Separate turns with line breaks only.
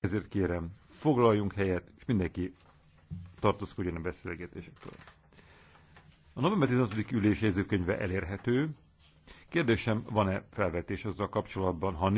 Ezért kérem, foglaljunk helyet, és mindenki tartózkodjon a beszélgetésektől. A november 16. ülés jegyzőkönyve elérhető. Kérdésem, van-e felvetés azzal kapcsolatban, ha